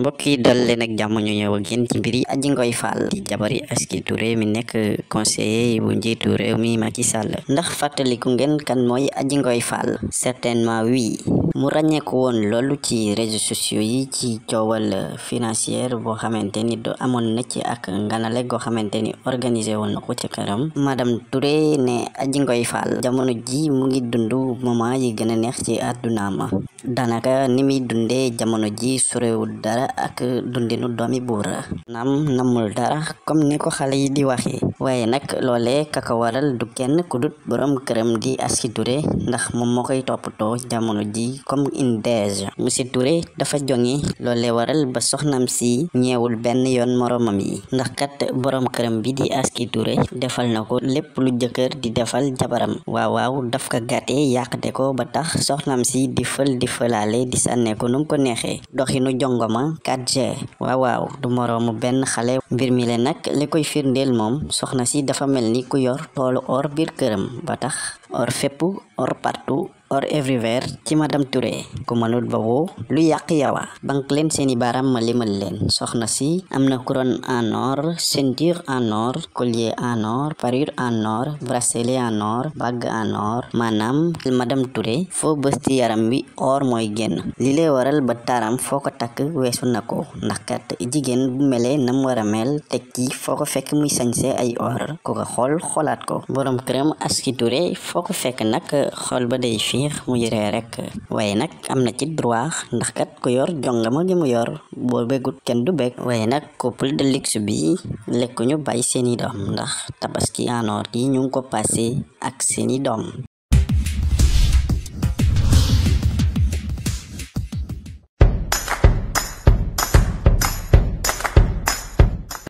mbokk yi dal leen ak jàmm ñu ñëw ak yéen ci mbiri Adji Ngoye Fall di jabari Aski Touré mi nekk conseiller bu njiitu réew mi Macky Sall ndax fàttaliku ngeen kan mooy Adji Ngoye Fall certainement oui mu ràññeeku woon loolu ci réseaux sociaux yi ci coowal financière boo xamante ni do amoon na ci ak nganale goo xamante ni organisé woon na ko ci këram madame Touré ne Adji Ngoye Fall jamono ji mu ngi dund moment yi gën a neex ci àddunaama daanaka ni muy dundee jamono ji sorewul dara ak dundinu doomi buur naam namul dara comme ni ko xale yi di waxee waaye nag loolee kaka waral du kenn ku dut borom këram di Aski Touré ndax moom moo koy toppatoo jamono ji comme une monsieur Touré dafa jonge loolee waral ba soxnam si ñeewul benn yoon moromam yi ndax kat borom këram bi di Aski Touré defal na ko lépp lu jëkkër di defal jabaram waaw waaw daf ko gàttee yàqte ko ba tax soxnam si di fël di falaale di sànneeku num ko neexee doxinu jongoma 4G waaw waaw du moroomu benn xale mbir mi le nag li koy firndeel moom soxna si dafa mel ni ku yor toolu or biir këram ba tax or fépp or partout or everywhere ci madame Touré ku mënul boobu lu yàq yawa bank leen seeni baaraam ma limal leen soxna si am na couronne en or ceinture en or collier en or parure en or bracelet en or bague en or maanaam madame Touré foo bës ci yaram wi or mooy génn li lay waral ba taaram foo ko takk weesu na ko ndax kat jigéen mele melee nam war a mel teg ci foo ko fekk muy sañse ay or ku ko xool xoolaat ko borom këram aski Touré foo ko fekk nag xool ba day fi neex mu yëree rek waaye nag am na ci droit ndax kat ku yor jongama gi mu yor boo bëggut kenn du bëgg waaye nag couple de luxe bi lekku ñu seen i doom ndax tabaski anoor yi ñu ngi ko passé ak i doom